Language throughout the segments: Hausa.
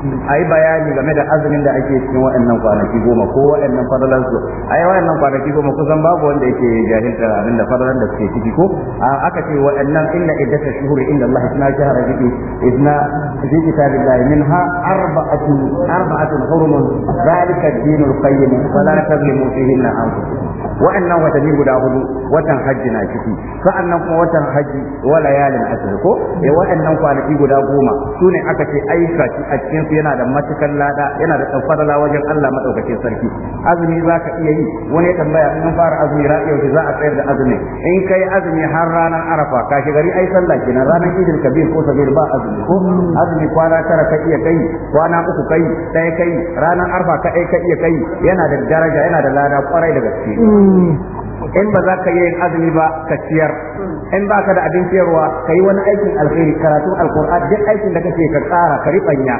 a yi bayani game da azumin da ake cikin waɗannan kwanaki goma ko waɗannan fadalan su a yi waɗannan kwanaki goma kusan babu wanda yake jahilta abin da fadalan da suke ciki ko aka ce waɗannan inna iddata shuhuri inda Allah isna shahara jiki isna fi kitabillahi minha arba'atu arba'atu hurumun zalika ad-dinul qayyim fala tazlimu fihinna anfusakum wa'annan watanni guda hudu watan hajji na ciki sa'annan kuma watan hajji wa layalin asr ko eh wa'annan kwanaki guda goma sune aka ce aika a cikin su yana da matukar lada yana da tsafarala wajen Allah madaukakin sarki azumi zaka iya yi wani tambaya in fara azumi ra'iyo za a tsayar da azumi in kai azumi har ranar arafa kashi gari ai sallah kenan ranar idil kabir ko sabir ba azumi ko azumi kwana tara ka iya kai kwana uku kai ɗaya kai ranar arafa ka ka iya kai yana da daraja yana da lada kwarai da gaske in ba za ka yi azumi ba ka ciyar in ba ka da abin ciyarwa ka yi wani aikin alkhairi karatu alkur'an duk aikin da kake ka tsara ka riɓanya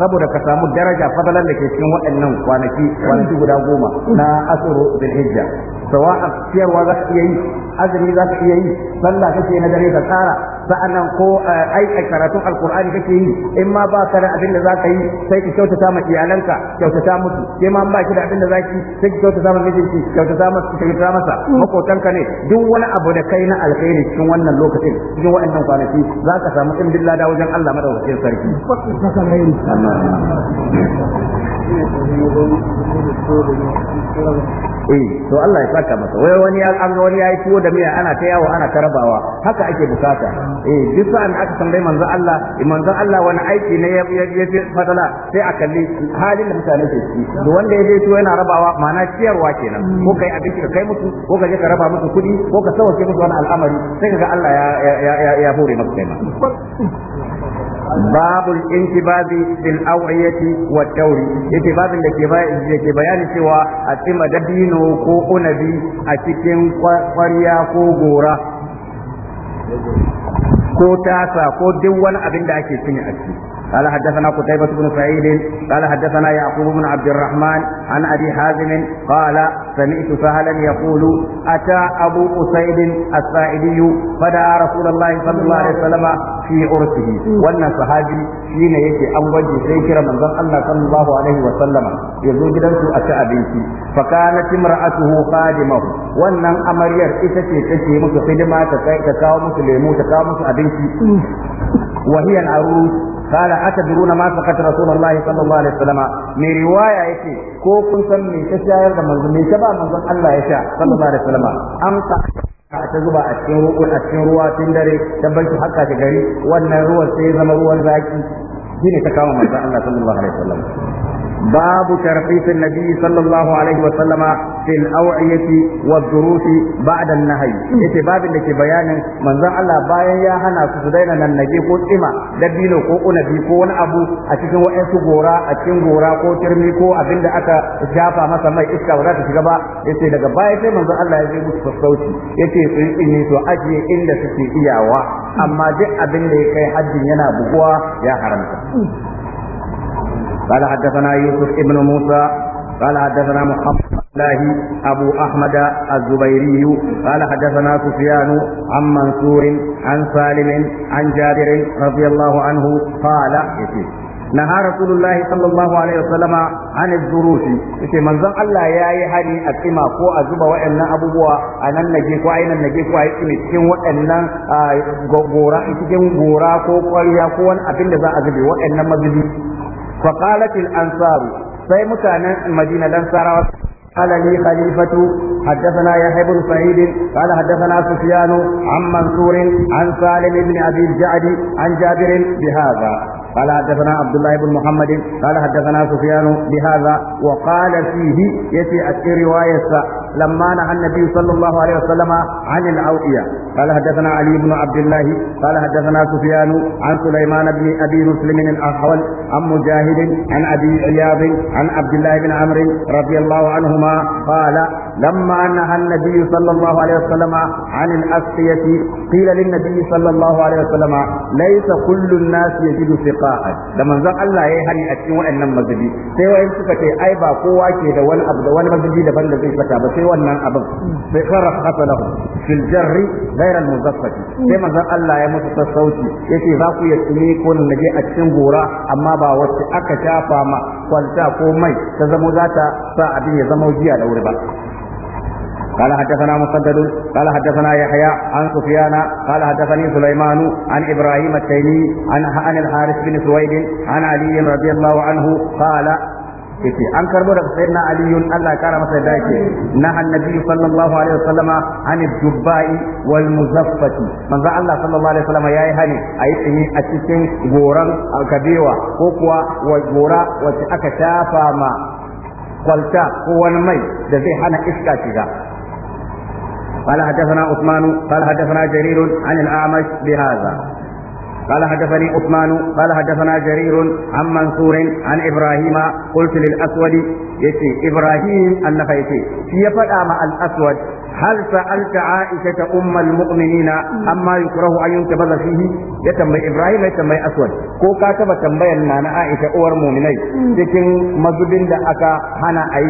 saboda ka samu daraja fadalan da ke cikin waɗannan kwanaki kwanaki guda goma na asuru bil hijja sawa'a ciyarwa za ka iya yi azumi za ka iya yi sallah kake na dare ka tsara sa'annan ko eh, ai a karatun alkur'ani kake yi in ma ba ka da abin da za ka yi sai ki kyautata ma iyalanka kyautata musu ke ma ba ki da abin da za ki sai ki kyautata ma mijinki kyautata masa kyautata masa makotanka ne duk wani abu da kai na alkhairi cikin wannan lokacin cikin waɗannan kwanaki za ka samu in billah da wajen Allah madaukakin sarki eh to Allah ya saka masa wai wani ya an ga wani yi tuwo da miya ana ta yawo ana tarabawa haka ake bukata eh duk sa'an aka tambaye manzo Allah eh, manzo Allah wani aiki ne ya ya fadala sai a kalli halin da mutane ke ciki to wanda ya je tuwo yana rabawa mana ciyarwa kenan ko kai abinci ka kai musu ko ka je ka raba musu kuɗi ko ka sauke musu wani al'amari sai kaga Allah ya ya ya ya hore maka kai ma Babu intibabi bil awiyati wa tauri yake da ke bayani cewa a tsima dabino ko unabi a cikin kwarya ko gora ko tasa ko duk wani abin da ake cin a ciki قال حدثنا قتيبة بن سعيد قال حدثنا يعقوب بن عبد الرحمن عن أبي حازم قال سمعت سهلا يقول أتى أبو أسيد الساعدي فدعا رسول الله صلى الله عليه وسلم في عرسه وأن صحابي حين يجي أول شيء من ذن الله صلى الله عليه وسلم يزوج جدا أتى بنتي فكانت امرأته خادمه وأن أمرير إتتي تتي مسو خدمة تكاو مسو ليمو تكاو مسو أبنتي وهي العروس قال أتدرون ما سقط رسول الله صلى الله عليه وسلم من رواية يتي كو كنت من تشاير من من شباب من الله يشاء صلى الله عليه وسلم أمسى ta zuba a cikin ruwan a cikin ruwa tun dare ta hakka ta gari wannan ruwan sai zama ruwan zaki shine ta kama manzo Allah sallallahu alaihi wasallam باب ترخيص النبي صلى الله عليه وسلم في الأوعية والظروف بعد النهي يتي باب اللي كي بيان من ذا الله باين يا هنا سدين من النبي قد إما دبينو كو نبي كو أبو أتكن وإنسو غورا أتكن غورا كو ترمي كو أبند أكا جافا مثلا ما إسكا ولا تشغبا يتي لك باين من ذا الله يجيب سفوتي يتي سيئني تو أجي إن سيئيا إياوا أما دي أبند كي حد ينا بقوا يا حرمتا قال حدثنا يوسف ابن موسى قال حدثنا محمد الله أبو أحمد الزبيري قال حدثنا سفيان عن منصور عن سالم عن جابر رضي الله عنه قال نهى رسول الله صلى الله عليه وسلم عن الزروس yace manzon Allah ya yi hari a tsima ko a zuba waɗannan abubuwa a nan naje ko ai nan naje ko ai cikin waɗannan gora cikin gora ko ƙwarya kowani wani abin da za a zube waɗannan mazubi fa qalat al ansar sai mutanen madina dan sarawa قال لي خليفة حدثنا يحيى بن سعيد قال حدثنا سفيان عن منصور عن سالم بن أبي الجعد عن جابر بهذا قال حدثنا عبد الله بن محمد قال حدثنا سفيان بهذا وقال فيه يتي رواية لما نهى النبي صلى الله عليه وسلم عن الأوئية قال حدثنا علي بن عبد الله قال حدثنا سفيان عن سليمان بن أبي مسلم الأحول عن مجاهد عن أبي عياض عن عبد الله بن عمرو رضي الله عنهما قال لما نهى النبي صلى الله عليه وسلم عن الأسقية قيل للنبي صلى الله عليه وسلم ليس كل الناس يجد سقاء لما زق الله يهني أتي وأن مزبي سيوين سكتي أي با kowa ke da wani abu da wani mazubi daban da zai saka ba sai wannan abin bai sarraf hasalahu fil jarri ghayr al sai manzon Allah ya musu sassauci yace za ku iya tsine ko na naje a cikin gora amma ba wacce aka shafa ma kwalta ko mai ta zamo za ta sa abin ya zama jiya da wuri ba قال حدثنا مسدد قال حدثنا يحيى عن سفيان قال حدثني سليمان عن ابراهيم التيمي عن عن الحارث بن سويد عن علي رضي الله عنه قال yace an karbo daga sayyidina ali Allah ya kara masa da yake na annabi sallallahu alaihi wasallama an dubbai wal muzaffati manzo Allah sallallahu alaihi wasallama yayi hani ayi tsini a cikin goran kabewa ko kuwa wa gora wacce aka shafa ma kwalta ko wani mai da zai hana iska shiga قال حدثنا عثمان قال حدثنا جرير عن الأعمش بهذا قال حدثني عثمان قال حدثنا جرير عن منصور عن ابراهيم قلت للاسود يتي ابراهيم النفيتي في فدا مع الاسود هل سألت عائشة أم المؤمنين أما يكره أن ينتبذ فيه يتنبي إبراهيم يتنبي أسود كو كاتب تنبي أن عائشة أور مؤمنين لكن مذبين لأكا هنا أي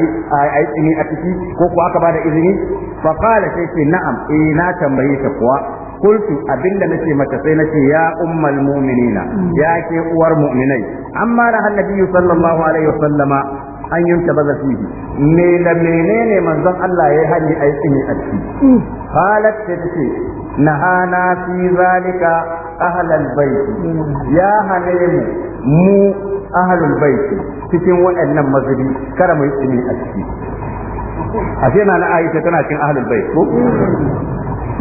أي إني أتكي كو كو أكبر إذني فقال شيء نعم إينا تنبي تقوى qultu abinda nace mata sai na ce ya ummal mu'minina ya ke uwar mu'minai amma da annabi sallallahu alaihi wasallama an yunta baza fihi me da menene manzon Allah ya hani ai tsini a ciki halat ta ce nahana fi zalika ahlal bait ya hane mu mu ahlul bait cikin waɗannan mazubi kada mu yi tsini a ciki ashe na na aisha tana cikin ahlul bait ko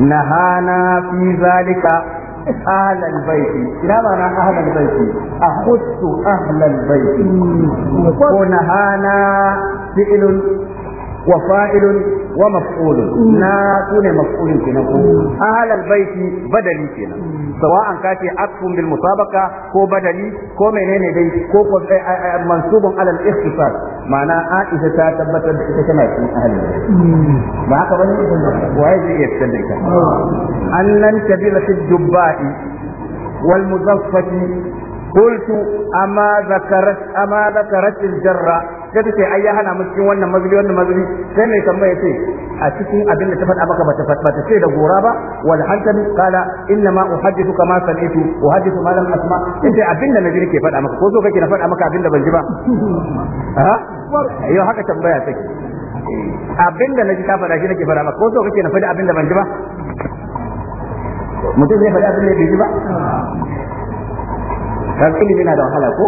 nahana fi zalika أهل البيت لا معنى أهل البيت أخص أهل البيت ونهانا فعل وفاعل ومفعول نا سنة مفعول كنا أهل البيت بدلي كنا سواء كاتي عطف بالمسابقة كو بدلي كو منين دي كو منصوب على الاختصاص معنى عائشة تثبت تسمع من أهل البيت ما هكذا وهذه يستدرك أن ننتبه في الجباء والمزفة قلت أما ذكرت أما ذكرت الجرة sai ta ce ai ya hana mu wannan mazubi wannan mazubi sai mai tambaya ce a cikin abin da ta faɗa maka bata bata ce da gora ba wal hantami qala inna ma uhaddithu kama sami'tu uhaddithu ma lam asma dai abin da nabi ke faɗa maka ko so kake na faɗa maka abin da ban ji ba ha yau haka tambaya take abin da naji ta faɗa shi nake faɗa maka ko so kake na faɗi abin da ban ji ba mutum zai faɗi abin da bai ji ba kan ilimi na da wahala ko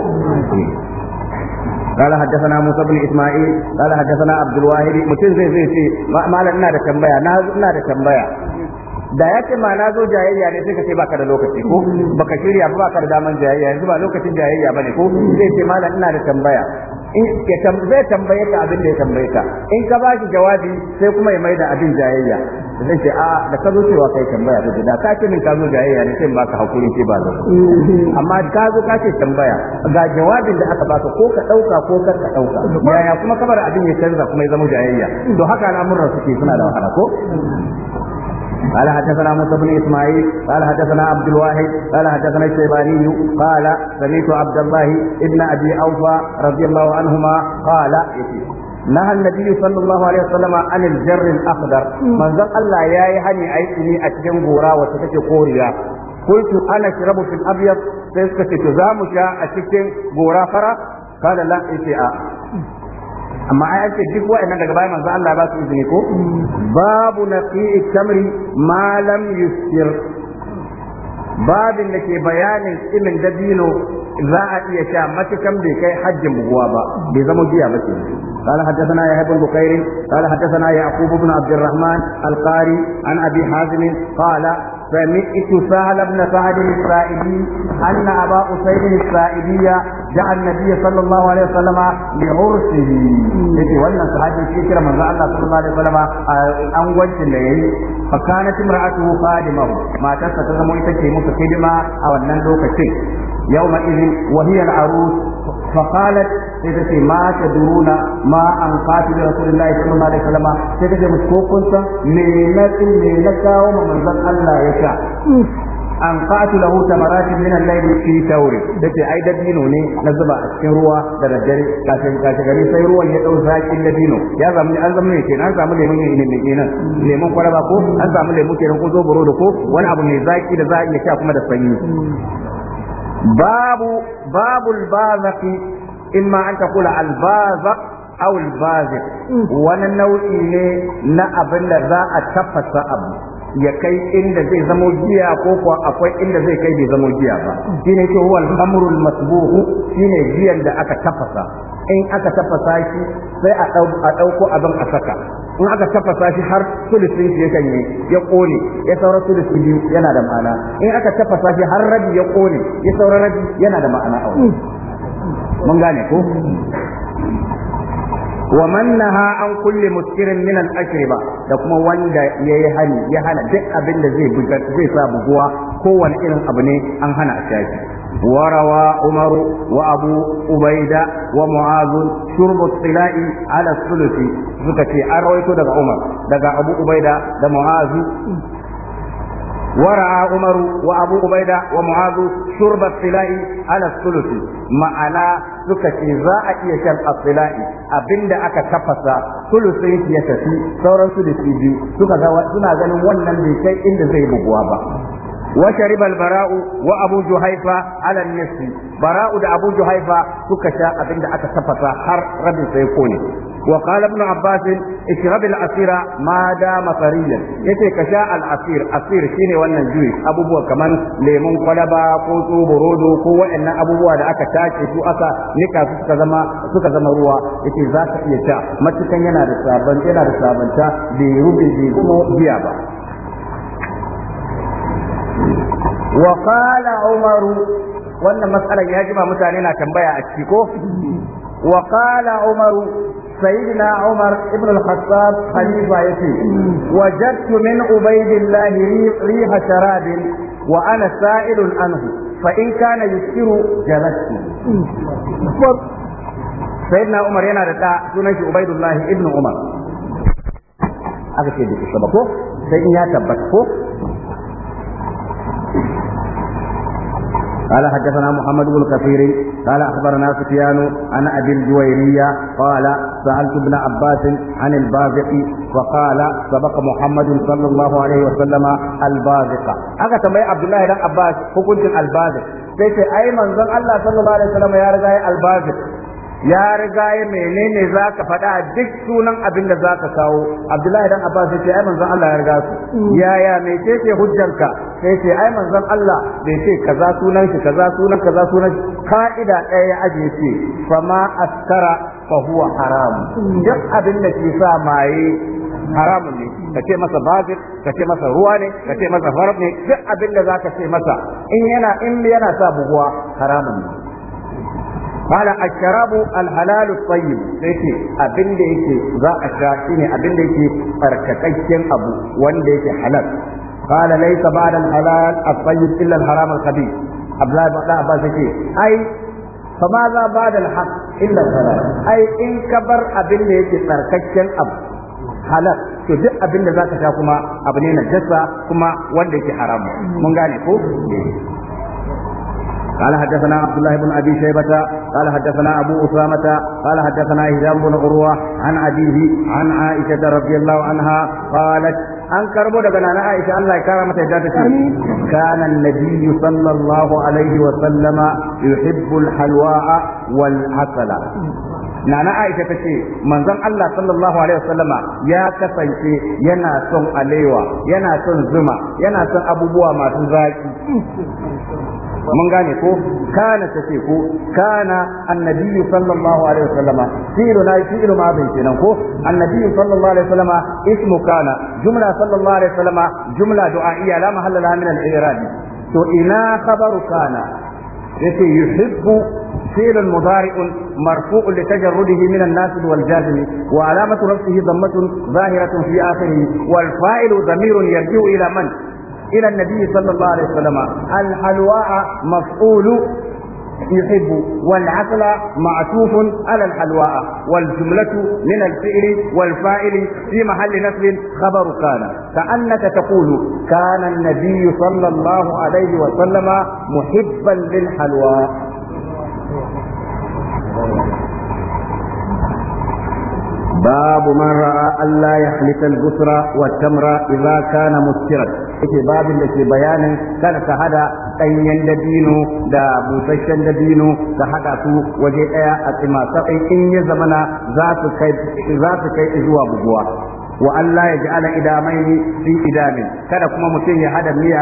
قال حدثنا موسى بن اسماعيل قال حدثنا عبد الواحد متين زي زي ما malam ina da tambaya انا ina da tambaya da ya ce ma na zo jayayya ne sai ka ce baka da lokaci ko baka shirya ba baka da daman jayayya yanzu ba lokacin jayayya bane ko zai ce malam ina da tambaya zai tambaye ka abin da ya tambaye ka in ka ba shi jawabi sai kuma ya maida abin jayayya zai ce a da ka zo cewa kai tambaya ta da ka ce min ka zo jayayya ne sai ba ka hakuri ce ba zo amma ka zo ka ce tambaya ga jawabin da aka baka ko ka dauka ko kar ka dauka yaya kuma kamar abin ya canza kuma ya zama jayayya to haka al'amuran suke suna da wahala ko قال حدثنا موسى بن اسماعيل قال حدثنا عبد الواحد قال حدثنا الشيباني قال سمعت عبد الله ابن ابي اوفى رضي الله عنهما قال نهى النبي صلى الله عليه وسلم عن الجر الأخضر من ذا الله يا يهني أيتني أتجن غورا وتتكي قوريا قلت أنا أشرب في الأبيض سيسكت تزامشا أتكين غورا فرا قال لا إشاء amma ai ake duk wa'annan daga bayan manzo Allah ba su izini ko babu naqi'i tamri ma lam yusir babin da ke bayanin tsimin dabino za a iya sha matukan bai kai hajjin buguwa ba bai zama giya ba ce قال حدثنا يحيى بن بكير قال حدثنا يعقوب بن عبد الرحمن القاري عن ابي حازم قال سمعت سهل بن سعد السائدي أن أبا أسيد السائدي دعا النبي صلى الله عليه وسلم لعرسه يجي ولنا سعد الشكر من الله صلى الله عليه وسلم أن وجه الليل فكانت امرأته خادمه ما تستخدم إتكي متخدمة أو أن لوك يومئذ وهي العروس فقالت سيدتي ما تدرون ما عن قاتل رسول الله صلى الله عليه وسلم سيدتي مسكوكنت مينة مينة ومن من الله يشاء an qatilahu tamaratin min al-layl fi tawri dace ai dabino ne na zuba a cikin ruwa da daddare kafin kace gari sai ruwan ya dau zakin dabino ya zamu an zamu ne kenan an samu lemon ne ne lemon kwalaba ko an samu lemu kenan ko zoboro da ko wani abu mai zaki da za a iya sha kuma da sanyi babu babul bazaqi ma an taqula al bazaq aw al wani nau'i ne na abin da za a tafasa abu ya kai inda zai zamo giya ko akwai inda zai kai bai zamo giya ba shine ke huwa amru al-masbuhu shine giyan da aka tafasa in aka tafasa shi sai a ɗauko abin a saka in aka tafasa shi har sulusin shi yakan yi ya kone ya saura sulusi biyu yana da ma'ana in aka tafasa shi har rabi ya kone ya saura rabi yana da ma'ana a mun gane ko wa man naha an kulli muskirin min al akriba da kuma wanda yayi hani ya hana duk abin da zai buga zai sa buguwa kowane irin abu ne an hana shi وروى عمر وأبو أبيدة ومعاذ شرب الطلاء على الثلث سكتي أرويت دقى عمر دقى أبو أبيدة دقى معاذ ورعى عمر وابو عبيده ومعاذ شرب الطلاء على الثلث ma'ana suka ce za a iya shan asila'i abinda aka tafasa sulusin ya tafi sauran sulusi biyu suna ganin wannan bai kai inda zai buguwa ba وشرب البراء وابو جهيفة على النصف براء ده ابو جهيفة سكشا ابن ده اتسفتا حر رب سيكوني وقال ابن عباس اشرب العصير ما دام طريا يتي كشاء العصير عصير شيني wannan juyi abubuwa kaman lemon kwalaba ko burodo ko waɗannan abubuwa da aka tace su aka nika su suka zama suka zama ruwa yace za ka iya sha matukan yana da sabunta da sabanta bai rubi biya ba wakala umaru wannan matsalar ya jima mutane na tambaya a ciko wakala umaru sayidina umar ibn al-khattab khalifa yace wajadtu min ubaydillah riha sharabin wa ana sa'ilun anhu fa in kana yusiru jalastu Sayyidina umar yana da sunan shi ubaydullah ibn umar aka ce da ko sai in ya tabbata ko قال حدثنا محمد بن كثير قال اخبرنا سفيان عن ابي الجويريه قال سالت ابن عباس عن البازق فقال سبق محمد صلى الله عليه وسلم البازق aka tambayi Abdullahi dan Abbas hukuncin albazir sai ce ai manzon Allah sallallahu alaihi wasallam ya riga ya albazir ya riga ya menene za ka faɗa duk sunan abin da za ka kawo abdullahi dan abbas ya ce ai manzon Allah ya riga su mm. yaya me ce ce hujjanka sai ce ai manzon Allah bai ce kaza sunan shi kaza sunan kaza sunan ka'ida ɗaya ya aje ce ma askara fa huwa haram mm. duk abin da ke sa maye haramun ne ka ce masa bazir ka ce masa ruwa ne ka ce masa farab ne duk abin da za ka ce masa in yana in yana sa buguwa haramun ne qala ashrabu alhalal at-tayyib sai ce abin da yake za a sha shine abin da yake tsarkakakken abu wanda yake halal qala laysa ba'da alhalal at-tayyib illa al-khabith abdullahi ibn abbas yake ai فماذا بعد الحق إلا الحلال أي إن كبر أبن يجي تركشن أب حلال to duk abin da zaka sha kuma abu ne na jasa kuma wanda yake haramu mun gane ko قال حدثنا عبد الله بن ابي شيبه قال حدثنا ابو اسامه قال حدثنا هشام بن عروه عن ابيه عن عائشه رضي الله عنها قالت an karbo daga nana Aisha Allah ya kara mata yadda ta ce kana annabiyyu sallallahu alaihi wa sallama yuhibbu alhalwa'a wal asala nana Aisha ta ce manzon Allah sallallahu alaihi wa sallama ya kasance yana son alewa yana son zuma yana son abubuwa masu zaki mun gane ko kana tace ko kana annabi sallallahu alaihi wasallam fi'lu na fi'lu ma bin kenan ko annabi sallallahu alaihi wasallam ismu kana jumla sallallahu alaihi wasallam jumla du'a'iyya la mahalla laha min al-i'rab to ina khabaru kana yace yuhibbu فعل مضارع مرفوع لتجرده من الناس والجازم وعلامة رفعه ضمة ظاهرة في آخره والفاعل ضمير يرجع إلى من؟ إلى النبي صلى الله عليه وسلم الحلواء مفعول يحب والعقل معطوف على الحلواء والجملة من الفعل والفاعل في محل نسل خبر كان كأنك تقول كان النبي صلى الله عليه وسلم محبا للحلواء babu man ra'a Allah ya halita al-gusra wa tamra idza kana muskiran yake babin da ke bayanin kada ka hada ɗanyen dabino da busasshen dabino ka haɗa su waje ɗaya a tsima sai in ya zamana za za su kai zuwa buguwa wa Allah ya ja'ala idamaini fi idamin kada kuma mutum ya hada miya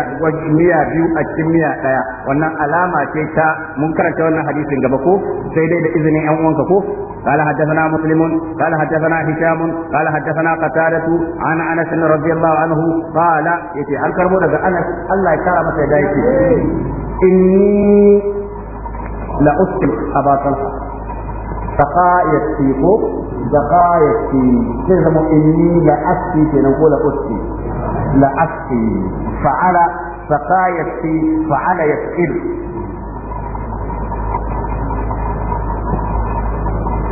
miya biyu a cikin miya daya wannan alama ce ta mun karanta wannan hadisin gaba ko sai dai da izinin yan uwanka ko قال حدثنا مسلم قال حدثنا هشام قال حدثنا قتادة عن أنس رضي الله عنه قال يتي هل كرمو أنس الله يكرمك يا إني لأسكت أبا طلحة دقائق يكفيكو بقاء يكفي لازم إني لأكفي تنقول أكفي لأكفي فعل فعلى يكفي فعل فعلى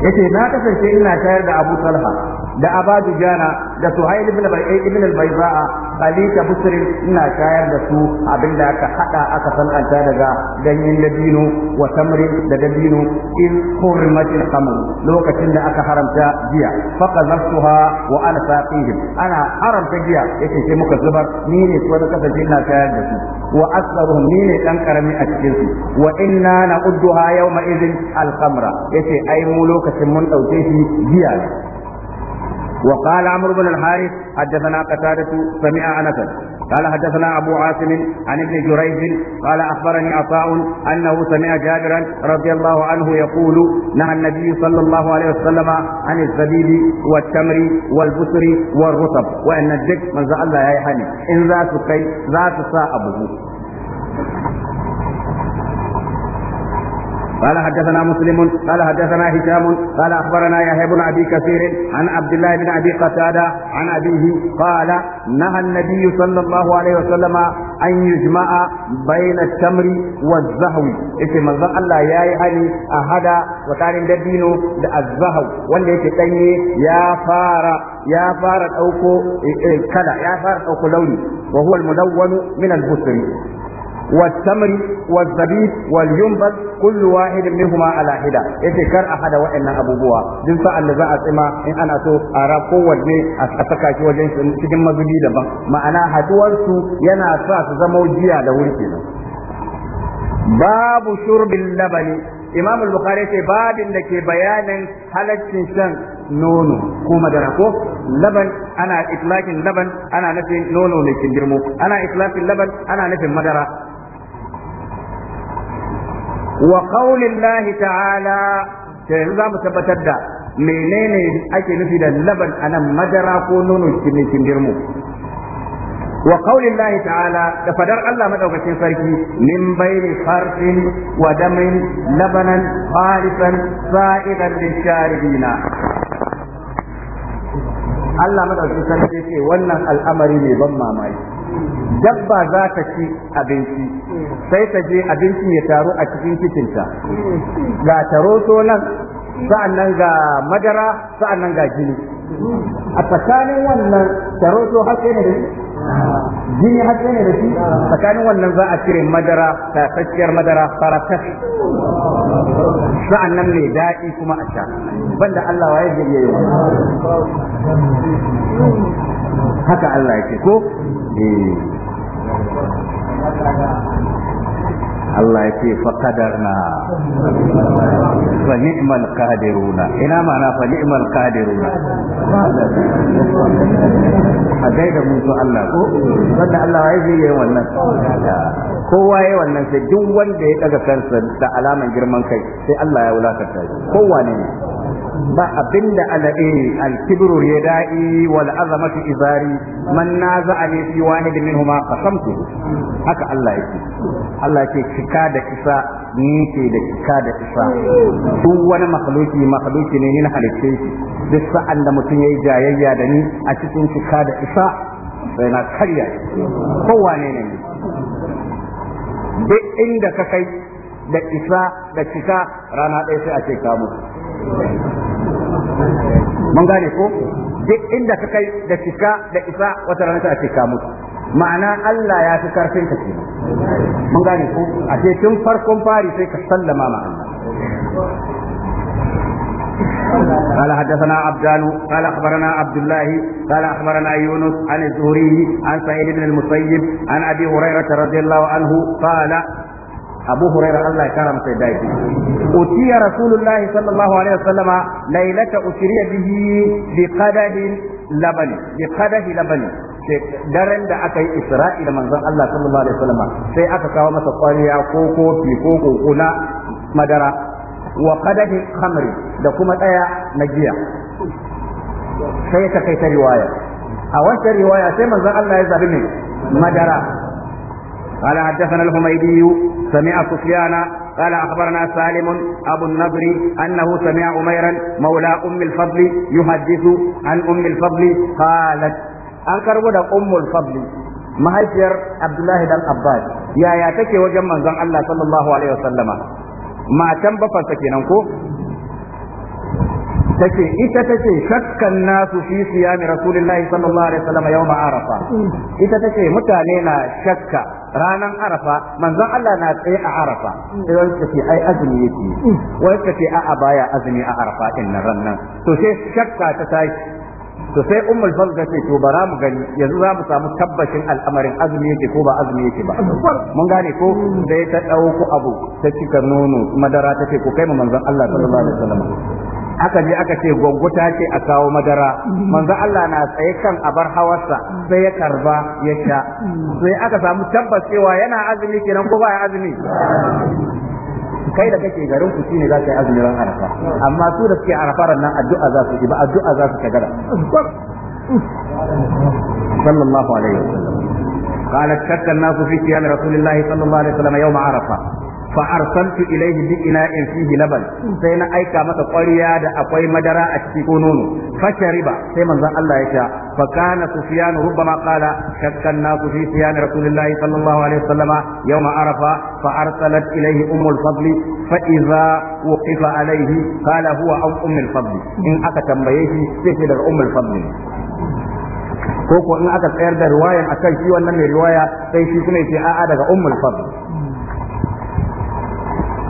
يسئل na kasance ina إلا شاهد أبو طلحة da abadu jana da suhail ibn eh, ibn al-bayza'a khalita busr ina shayar da su abinda aka hada aka sananta daga ganyen dabino wa tamri da dabino in hurmat al-khamr lokacin da aka haramta jiya faqazaftuha wa ana saqihim ana haramta jiya. yake sai muka zubar ni ne ko da kasance ina shayar da su wa asbaruhum ni ne dan karami a cikin su wa inna na'udduha yawma idhin al-khamra yace ai mu lokacin mun dauke shi jiya. وقال عمرو بن الحارث حدثنا قتادة سمع أنس قال حدثنا أبو عاصم عن ابن جريج قال أخبرني عطاء أنه سمع جابرا رضي الله عنه يقول نهى النبي صلى الله عليه وسلم عن الزبيب والتمر والبسر والرطب وأن الدك من الله يا حني إن ذات كي ذات ساء أبوه قال حدثنا مسلم قال حدثنا هشام قال اخبرنا يحيى بن ابي كثير عن عبد الله بن ابي قتاده عن ابيه قال نهى النبي صلى الله عليه وسلم an yujma'a bayna tamri wa zahwi yace manzon Allah yayi hani a hada tsakanin dabino da azzahu wanda yake danye ya fara ya fara dauko kala ya fara dauko launi wa huwa al-mudawwan والتمر والزبيب والينبت كل واحد a lahida. Ya ce kar a hada waɗannan abubuwa duk da za a tsima in ana so a ra kowanne a saka shi wajen cikin mazubi daban ma'ana haduwarsu yana sa su zama jiya da wuri kenan babu shurbin labani imam al-bukhari ce babin da ke bayanan halaccin shan nono ko madara ko laban ana itlaqin laban ana nufin nono ne kindirmo ana itlaqin laban ana nufin madara wa qaulillahi ta'ala sai za mu tabbatar da menene ake nufi da laban anan madara ko nono ne kindirmu wa qaulillahi ta'ala da fadar Allah madaukakin sarki min bayni farsin wa damin labanan khalisan sa'idan lisharibina Allah madaukakin sarki ce wannan al'amari ne ban mamaki dabba za ta ci abinci sai ta je abincin ya taru a cikin cikinta ga taroto nan nan ga madara nan ga jini a tsakanin wannan taroto har ne jini hatsi ne da shi tsakanin wannan za a cire madara ta tsakiyar madara faratas sa'an nan mai daɗi kuma a sha banda Allah waye ya yi haka Allah yake ko eh Allah ya ce kadarna fa ni'mal qadiruna ina ma'ana fa ni'mal qadiruna hadai da mutu Allah ko wanda Allah ya yi yayin wannan kowa yayin wannan sai duk wanda ya daga kansa da alaman girman kai sai Allah ya wulaka shi kowa ne ba abinda ala eh al-kibru yada'i wal azamatu izari man naza'ani fi wahid minhuma qasamtu haka Allah yake Allah yake kika da kisa ni ke da kika da kisa duk wani makhluki makhluki ne ni na halitta shi duk sa'an da mutum yayi jayayya da ni a cikin kika da isa sai na karya kowane ne duk inda ka kai da isa da cika rana ɗaya sai a ce ka mutu mun gane ko duk inda ka kai da cika da isa wata rana ta cika mutu ma'ana Allah ya fi karfin ka ce mun gane ko a ce tun farkon fari sai ka sallama ma قال حدثنا عبدان قال اخبرنا عبد الله قال اخبرنا يونس عن الزهري عن سعيد بن المسيب عن ابي هريره رضي الله عنه قال abu hurairah Allah ya kara masa yadda yake utiya rasulullahi sallallahu alaihi wasallama lailata usriya bihi bi qadadin labani bi daren da aka yi isra'ila da manzon Allah sallallahu alaihi wasallama sai aka kawo masa kwariya ko kofi ko kokuna madara wa qadadi khamri da kuma daya na giya sai ta kai ta riwaya a wancan riwaya sai manzon Allah ya zabi ne madara قال حدثنا الحميدي سمع سفيان قال أخبرنا سالم أبو النضر أنه سمع عميرا مولى أم الفضل يحدث عن أم الفضل قالت أنكر أم الفضل mahaifiyar Abdullahi dan Abbas yaya take wajen manzon Allah sallallahu alaihi wasallama matan bafarsa kenan ko tace ita tace shakkan nasu fi siyami rasulillahi sallallahu alaihi wasallam yawma arafa ita tace mutane na shakka ranan arafa manzon Allah na tsaye a arafa idan suka ce ai azumi yake wai suka ce a'a baya azumi a arafa din nan ran nan to sai shakka ta ummul fadl ce to bara mu gani yanzu za mu samu tabbacin al'amarin azumi yake ko ba azumi yake ba mun gane ko da ta dauko abu ta cika nono madara ta ce ko kai mu manzon Allah sallallahu alaihi wasallam aka je aka ce gwaggwata ce a kawo madara manzo Allah na tsaye kan abar hawarsa sai ya karba ya sha sai aka samu tabbas cewa yana azumi kenan ko ba ya azumi kai da kake garin ku shine za ka yi azumi ran arafa amma su da suke arafa nan addu'a za su yi ba addu'a za su kagara sallallahu alaihi wasallam قالت شك الناس في صيام رسول الله صلى الله عليه وسلم يوم عرفه fa arsaltu ilayhi bi ina'in fihi laban sai na aika masa ƙwariya da akwai madara a ciki ko nono fa shariba sai manzon Allah ya sha fa kana sufyan rubbama qala shakkan nasu fi siyan rasulillahi sallallahu alaihi wasallama yawma arafa fa arsalat ilayhi ummul fadli fa idza wuqifa alayhi qala huwa an ummul fadli in aka tambaye shi sai ce daga ummul fadli ko ko in aka tsayar da riwayan akan shi wannan mai riwaya sai shi kuma ya ce a'a daga ummul fadl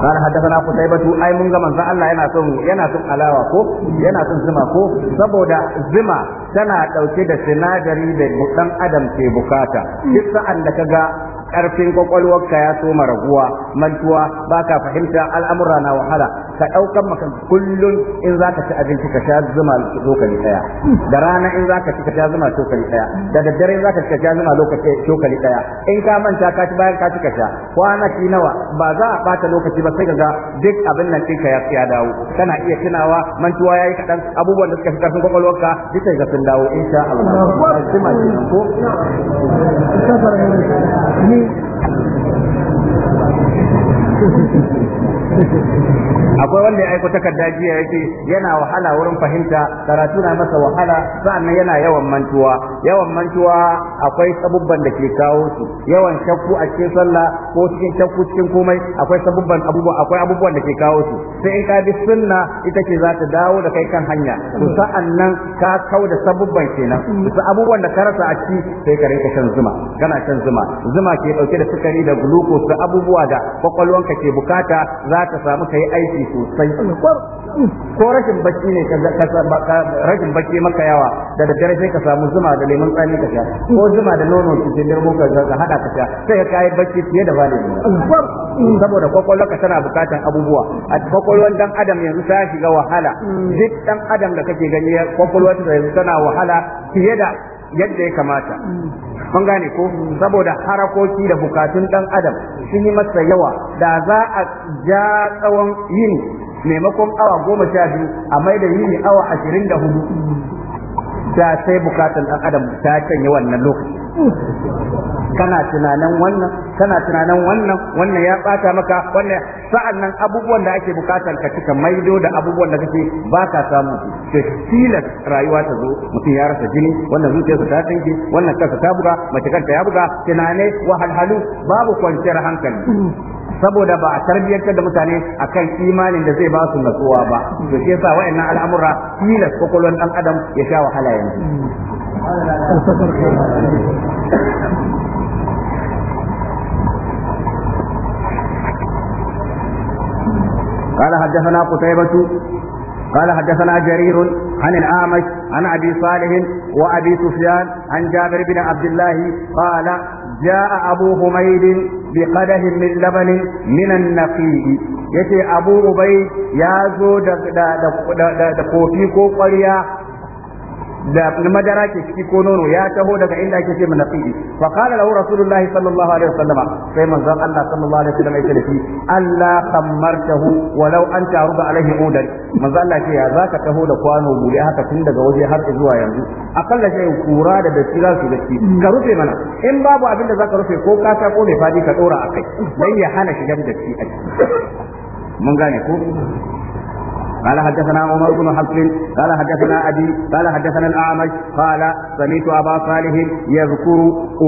قال حدثنا قتيبة أي من زمن الله ينا سن yana son alawa ko yana son zima ko saboda zima tana ɗauke da sinadari da ɗan adam ke bukata duk sa'an da kaga ƙarfin kwakwalwarka ya soma raguwa mantuwa baka fahimta al'amura na wahala ka ɗaukan maka kullum in za ka ci abinci ka sha zuma lokaci ɗaya da rana in za ka ci ka sha zuma lokaci ɗaya da daddare in za ka ci ka sha zuma lokaci cokali ɗaya in ka manta ka ci bayan ka ci ka sha kwanaki nawa ba za a ɓata lokaci ba sai ka ga duk abin nan ɗinka ya ya dawo kana iya tunawa mantuwa yayi kaɗan abubuwan da suka fi ƙarfin ƙwaƙwalwarka, duk sai ga sun dawo insha Allah. Thank you. akwai wanda ya aiko takarda jiya yace yana wahala wurin fahimta karatu na masa wahala sannan yana yawan mantuwa yawan mantuwa akwai sabubban da ke kawo su yawan shakku a cikin sallah ko cikin shakku cikin komai akwai sabubban abubuwa akwai abubuwan da ke kawo su sai in ka bi sunna ita ce za ta dawo da kai kan hanya to sa'annan ka kau da sabubban kenan to abubuwan da ka rasa a ciki sai ka rinka shan zuma kana shan zuma zuma ke dauke da sukari da glucose da abubuwa da kwakwalwanka ke bukata za ta samu kai aiki sosai ko rashin bacci ne rashin bacci maka yawa da daddare sai ka samu zuma da lemon tsami ka sha ko zuma da nono ki je dirmo ka ka hada ka sha sai ka yi bacci fiye da bani saboda ka tana bukatan abubuwa a kwakwalwar dan adam yanzu ta shiga wahala duk dan adam da kake gani ta yanzu tana wahala fiye da yadda ya kamata kun gane ko saboda harakoki da bukatun ɗan adam sun yi masa yawa da za a ja tsawon yin maimakon awa goma sha biyu a mai da yini awa ashirin da hudu da sai bukatun ɗan adam ta canye wannan lokaci kana tunanin wannan kana tunanin wannan wannan ya bata maka wannan sa'annan abubuwan da ake bukatar ka cika maido da abubuwan da kake ba ka samu to tilas rayuwa ta zo mutum ya rasa jini wannan zuciyarsa ta tsinke wannan kansa ta buga mace kanta ya buga tunane wahalhalu babu kwanciyar hankali saboda ba a tarbiyyantar da mutane akan imanin da zai ba su natsuwa ba to shi yasa wa'annan al'amura tilas kokolon dan adam ya sha wahala yanzu قال حدثنا قتيبة قال حدثنا جرير عن الأعمش عن أبي صالح وأبي سفيان عن جابر بن عبد الله قال جاء أبو حميد بقدح من لبن من النقيق yace abu ubai ya zo da kofi ko ƙwarya da madara ke ciki ko nono ya taho daga inda ake ce mana nafi fa qala lahu rasulullah sallallahu alaihi wasallam sai manzon Allah sallallahu alaihi wasallam yake dafi Allah khammartahu walau an ruba alaihi udan manzon Allah ce ya zaka taho da kwano guri haka tun daga waje har zuwa yanzu akalla sai kura da datti su datti ka rufe mana in babu abin da zaka rufe ko kasa ko mai fadi ka dora akai dan ya hana shigar datti a ciki mun gane ko قال حدثنا عمر بن حفص قال حدثنا أبي قال حدثنا الأعمش قال سمعت أبا صالح يذكر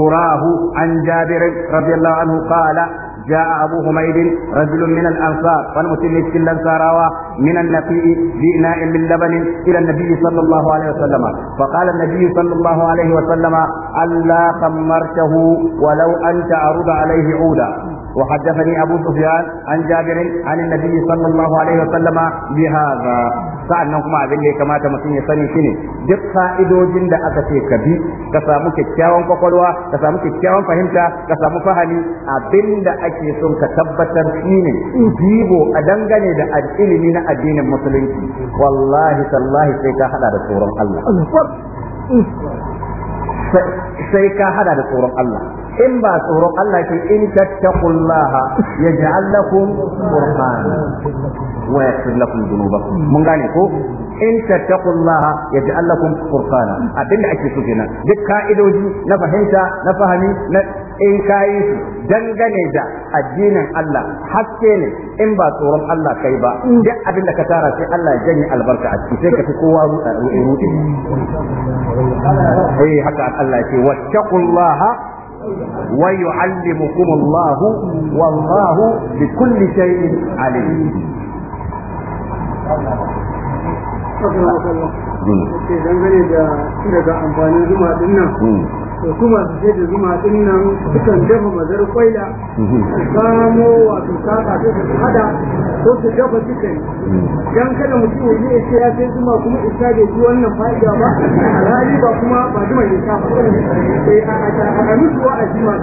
أراه عن جابر رضي الله عنه قال جاء أبو حميد رجل من الأنصار والمسلم في الأنصار من النقيء بإناء من لبن إلى النبي صلى الله عليه وسلم فقال النبي صلى الله عليه وسلم ألا خمرته ولو أن تعرض عليه عودا وحدثني أبو سفيان عن جابر عن النبي صلى الله عليه وسلم بهذا sa'annan kuma abin da ya kamata mutum ya sani shine duk fa'idojin da aka ce ka bi ka samu kyakkyawan kwakwalwa ka samu kyakkyawan fahimta ka samu fahami abin da ake son ka tabbatar shine jibo a dangane da ilimi na addinin musulunci wallahi sallahi sai ka hada da tsoron Allah sai ka hada da tsoron Allah in ba tsoron Allah ke in tattaqullaha yaj'al lakum furqana wa ya yaghfir lakum dhunubakum mun gane ko in tattaqullaha yaj'al lakum furqana abinda ake so kenan duk ka'idoji na fahimta na fahimi na in kayi su dangane da addinin Allah haske ne in ba tsoron Allah kai ba In duk abin da ka tara sai Allah ya janye albarka a ciki sai ka fi kowa ruɗe ruɗe eh haka Allah ya ce wattaqullaha ويعلمكم الله والله بكل شيء عليم dangane da shi daga amfanin zuma din nan da kuma su ce da zuma din nan sukan dafa mazar kwaila su samo wato kaka sai su hada ko su dafa cikin dan kada mutum ya je ya ya sai zuma kuma isa da ji wannan fa'ida ba alhali ba kuma ba zuma ya sha ba sai eh, a a a mutu wa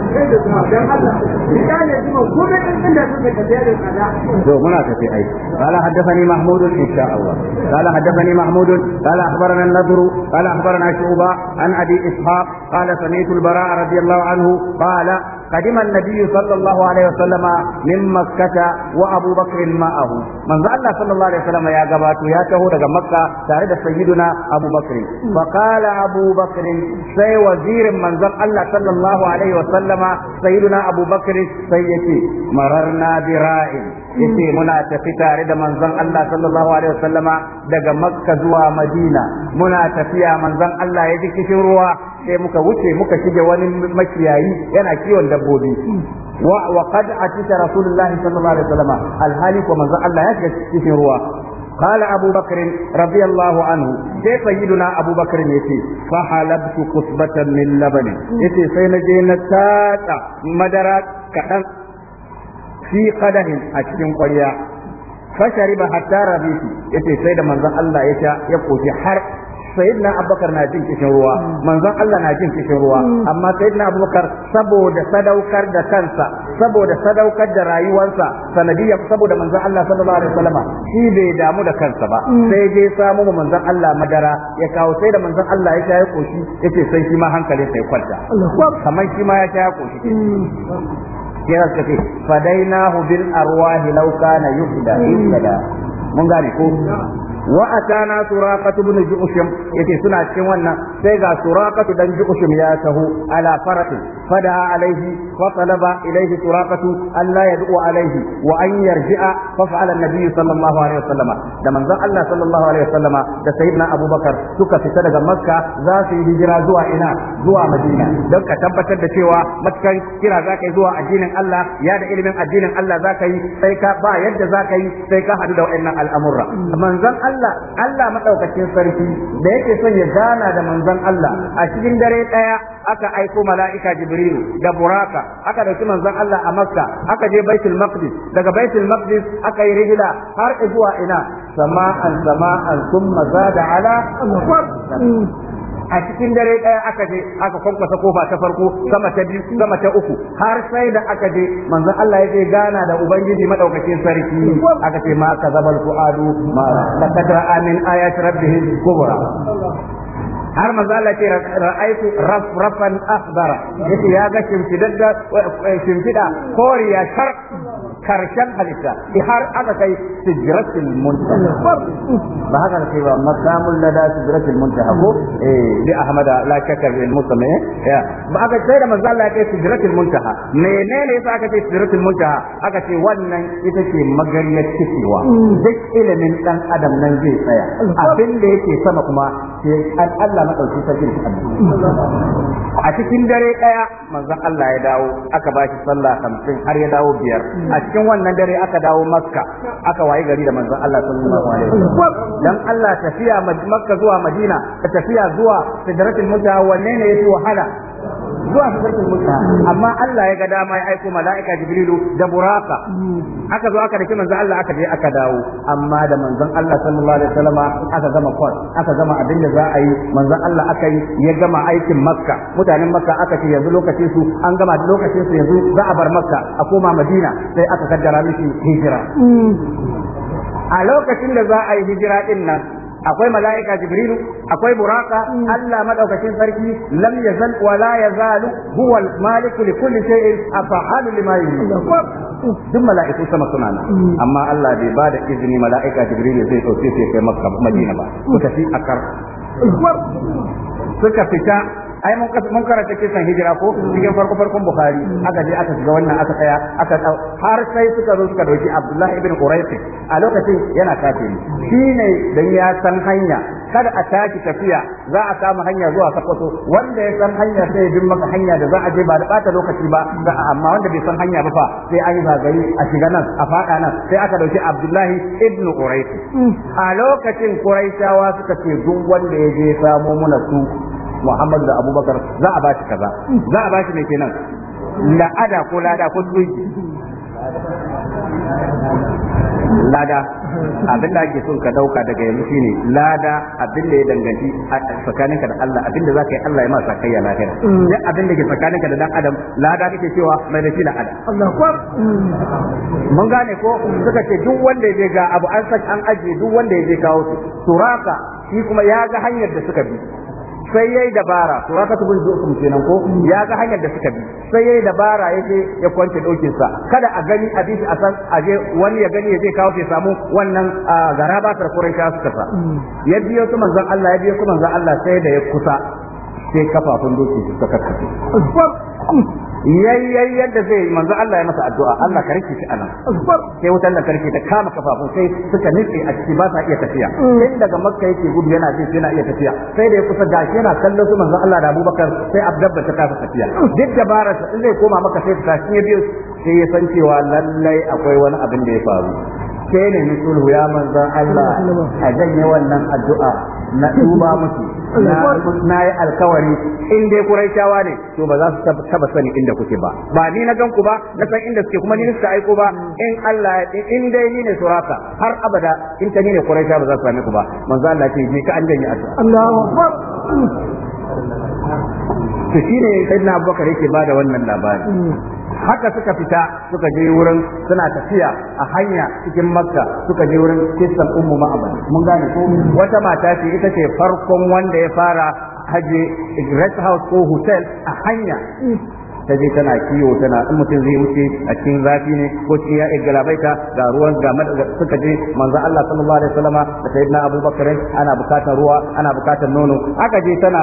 su kai da zuma dan Allah misali zuma ko da da tafiya da tsada to muna tafi ai قال حدثني محمود ان شاء الله قال حدثني محمود قال اخبرنا النضر قال اخبرنا شعبه عن ابي اسحاق قال سمعت البراء رضي الله عنه قال قدم النبي صلى الله عليه وسلم من مكة وأبو بكر معه من زعل صلى الله عليه وسلم يا قبات يا تهود مكة تارد سيدنا أبو بكر فقال أبو بكر سي وزير من زعل الله صلى الله عليه وسلم سيدنا أبو بكر سيتي مررنا برائل yace muna tafi tare da manzon Allah sallallahu alaihi wasallama daga Makka zuwa Madina muna tafiya manzon Allah ya ji kishin ruwa sai muka wuce muka shige wani makiyayi yana kiwon dabbobi wa wa qad atita rasulullahi sallallahu alaihi wasallama alhali ko manzon Allah ya shiga kishin ruwa قال أبو بكر رضي الله عنه كيف سيدنا أبو بكر يتي فحلبت قصبة من لبن يتي سينجينا تاتا مدرات كحن fi qadahin a cikin ƙwarya fashariba hatta rabitu yace sai da manzon Allah ya sha ya koshi har sayyidina abubakar na jin kishin ruwa manzon Allah na jin kishin ruwa amma sayyidina abubakar saboda sadaukar da kansa saboda sadaukar da rayuwarsa sanadiyya saboda manzon Allah sallallahu alaihi wasallama shi bai damu da kansa ba sai je samu manzon Allah madara ya kawo sai da manzon Allah ya shaye koshi yace sai shi ma hankalin sai kwanta kamar shi ma ya shaye koshi kira suka ce fadainahu bil arwahi law kana yufda yufda mun gane ko wa atana suraqatu ibn ju'shum yace suna cikin wannan sai ga suraqatu dan ju'shum ya tahu ala farati fada alaihi wa talaba ilaihi suraqatu alla yad'u alaihi wa an yarji'a fa fa'ala an-nabi sallallahu alaihi wasallama da manzon Allah sallallahu alaihi wasallama da sayyidina Abubakar suka fita daga Makka za su yi hijira zuwa ina zuwa Madina don ka tabbatar da cewa matakan kira za ka yi zuwa addinin Allah ya da ilimin addinin Allah za ka yi sai ka ba yadda za ka yi sai ka hadu da wa'annan al'amurra manzon Allah Allah Allah madaukakin sarki da yake son ya gana da manzon Allah a cikin dare daya aka aiko mala'ika Jibrilu da Buraka aka dauki manzon Allah a Makka aka je Baitul Maqdis daga Baitul Maqdis aka yi rigila har zuwa ina sama'an sama'an thumma zada ala a cikin dare ɗaya aka je aka kwankwasa kofa ta farko sama ta biyu sama ta uku har sai da aka je manzon Allah ya je gana da ubangiji madaukakin sarki aka ce ma ka zabal fuadu ma lakadra amin ayat rabbihim kubra har manzo Allah ce ra'aitu rafrafan ahdara yace ya ga shimfida koriya shar karshen halitta har aka kai sidratul muntaha ba haka kai ba masamul lada sidratul muntaha ko eh li ahmada la shakka bil musami eh. ya ba aka sai da manzo Allah ya kai sidratul muntaha menene yasa aka ce sidratul muntaha aka ce wannan ita ce magariyar cikewa mm. duk ilimin dan adam nan zai tsaya abin da yake sama kuma sai Allah sarkin a cikin dare ɗaya manzon Allah ya dawo aka ba shi sallah 50 har ya dawo biyar a cikin wannan dare aka dawo Makka aka waye gari da manzon Allah sallallahu alaihi wasallam dan Allah tafiya Makka zuwa Madina tafiya zuwa Sidratul Muntaha wanne ne yafi wahala zuwa su sarkin mutu amma Allah ya ga dama ya aiko mala'ika jibrilu da buraka aka zo aka dake manzon Allah aka je aka dawo amma da manzon Allah sallallahu alaihi wasallama aka zama kwas aka zama abin da za a yi manzon Allah aka yi ya gama aikin makka mutanen makka aka ce yanzu lokacin an gama lokacin yanzu za a bar makka a koma madina sai aka kaddara mishi hijira mm. a lokacin da za a yi hijira din nan akwai mala'ika jibrilu akwai buraka Allah madaukakin sarki lam yazal wa la yazalu huwa al-maliku li kulli shay'in afahalu lima duk mala'iku sama suna nan mm. amma Allah bai ba da izini mala'ika jibrilu zai dauke sai kai makka madina ba suka fi akar suka fita ai mun mun karanta kisan hijira ko cikin farko farkon bukhari aka je aka shiga wannan aka tsaya aka har sai suka zo suka dauki abdullahi ibn quraysh a lokacin yana kafiri shine dan ya san hanya kada a taki tafiya za a samu hanya zuwa sakwato wanda ya san hanya sai ya bin maka hanya da za a je ba da bata lokaci ba amma wanda bai san hanya ba fa sai an yi gari a shiga nan a faɗa nan sai aka dauki abdullahi ibn quraysh a lokacin quraishawa suka ce duk wanda ya je samo mana su Muhammad da Abubakar za a bashi kaza za a bashi mai kenan la'ada ko lada ko tsuji lada abin da ake son ka dauka daga yanzu shine lada abin da ya danganci tsakaninka da Allah abin da zaka yi Allah ya ma sakayya lafiya duk abin da ke tsakaninka da dan adam lada kake cewa mai da shi la mun gane ko suka ce duk wanda ya ga abu an saki an ajiye duk wanda ya je kawo su suraka shi kuma ya ga hanyar da suka bi sai yayi dabara to haka tubun kuma kenan ko ya ga hanyar da suka bi sai yayi dabara yake ya kwance dokin sa kada a gani a bisa a aje wani ya gani ya kawo ke samu wannan garaba tar su suka sa ya biyo su manzon Allah ya biyo su manzon Allah sai da ya kusa sai kafafun doki suka kafa yayyayi yadda zai yi manzo Allah ya masa addu'a Allah ka rike shi anan sai wutan da karke ta kama kafafun sai suka nitse a ciki ba sa iya tafiya sai mm. daga makka yake gudu yana jin yana iya tafiya sai da ya kusa gashi yana kallon su manzo Allah da Abubakar sai Abdabba ta kasa tafiya mm. duk bara sa in zai koma maka sai ta shi biyu sai ya san cewa lallai akwai wani abin da ya faru sai ne sulhu ya manzo Allah a janye wannan addu'a na duba musu na yi alkawari in dai kuraishawa ne to ba za su taba sani inda kuke ba ba ni na gan ku ba na san inda suke kuma ni suka aiko ba hmm. in Allah in dai ni ne suraka har abada in ta ni ne kuraisha ba za su sami ku ba manzo Allah ce je ka an janye addu'a Allahu akbar to shine sayyidina Abubakar yake bada wannan labari hmm. haka suka fita suka je wurin suna tafiya a hanya cikin makka suka je wurin kisan ummu ma'aban mun gane ko wata mata ce ita ce farkon wanda ya fara haje rest house ko hotel a hanya ta je tana kiwo tana in mutum zai wuce a cikin zafi ne ko cikin ya galabaita ga ruwan ga suka je manzon Allah sallallahu alaihi wasallama da sayyidina Abubakar ana bukatar ruwa ana bukatar nono aka je tana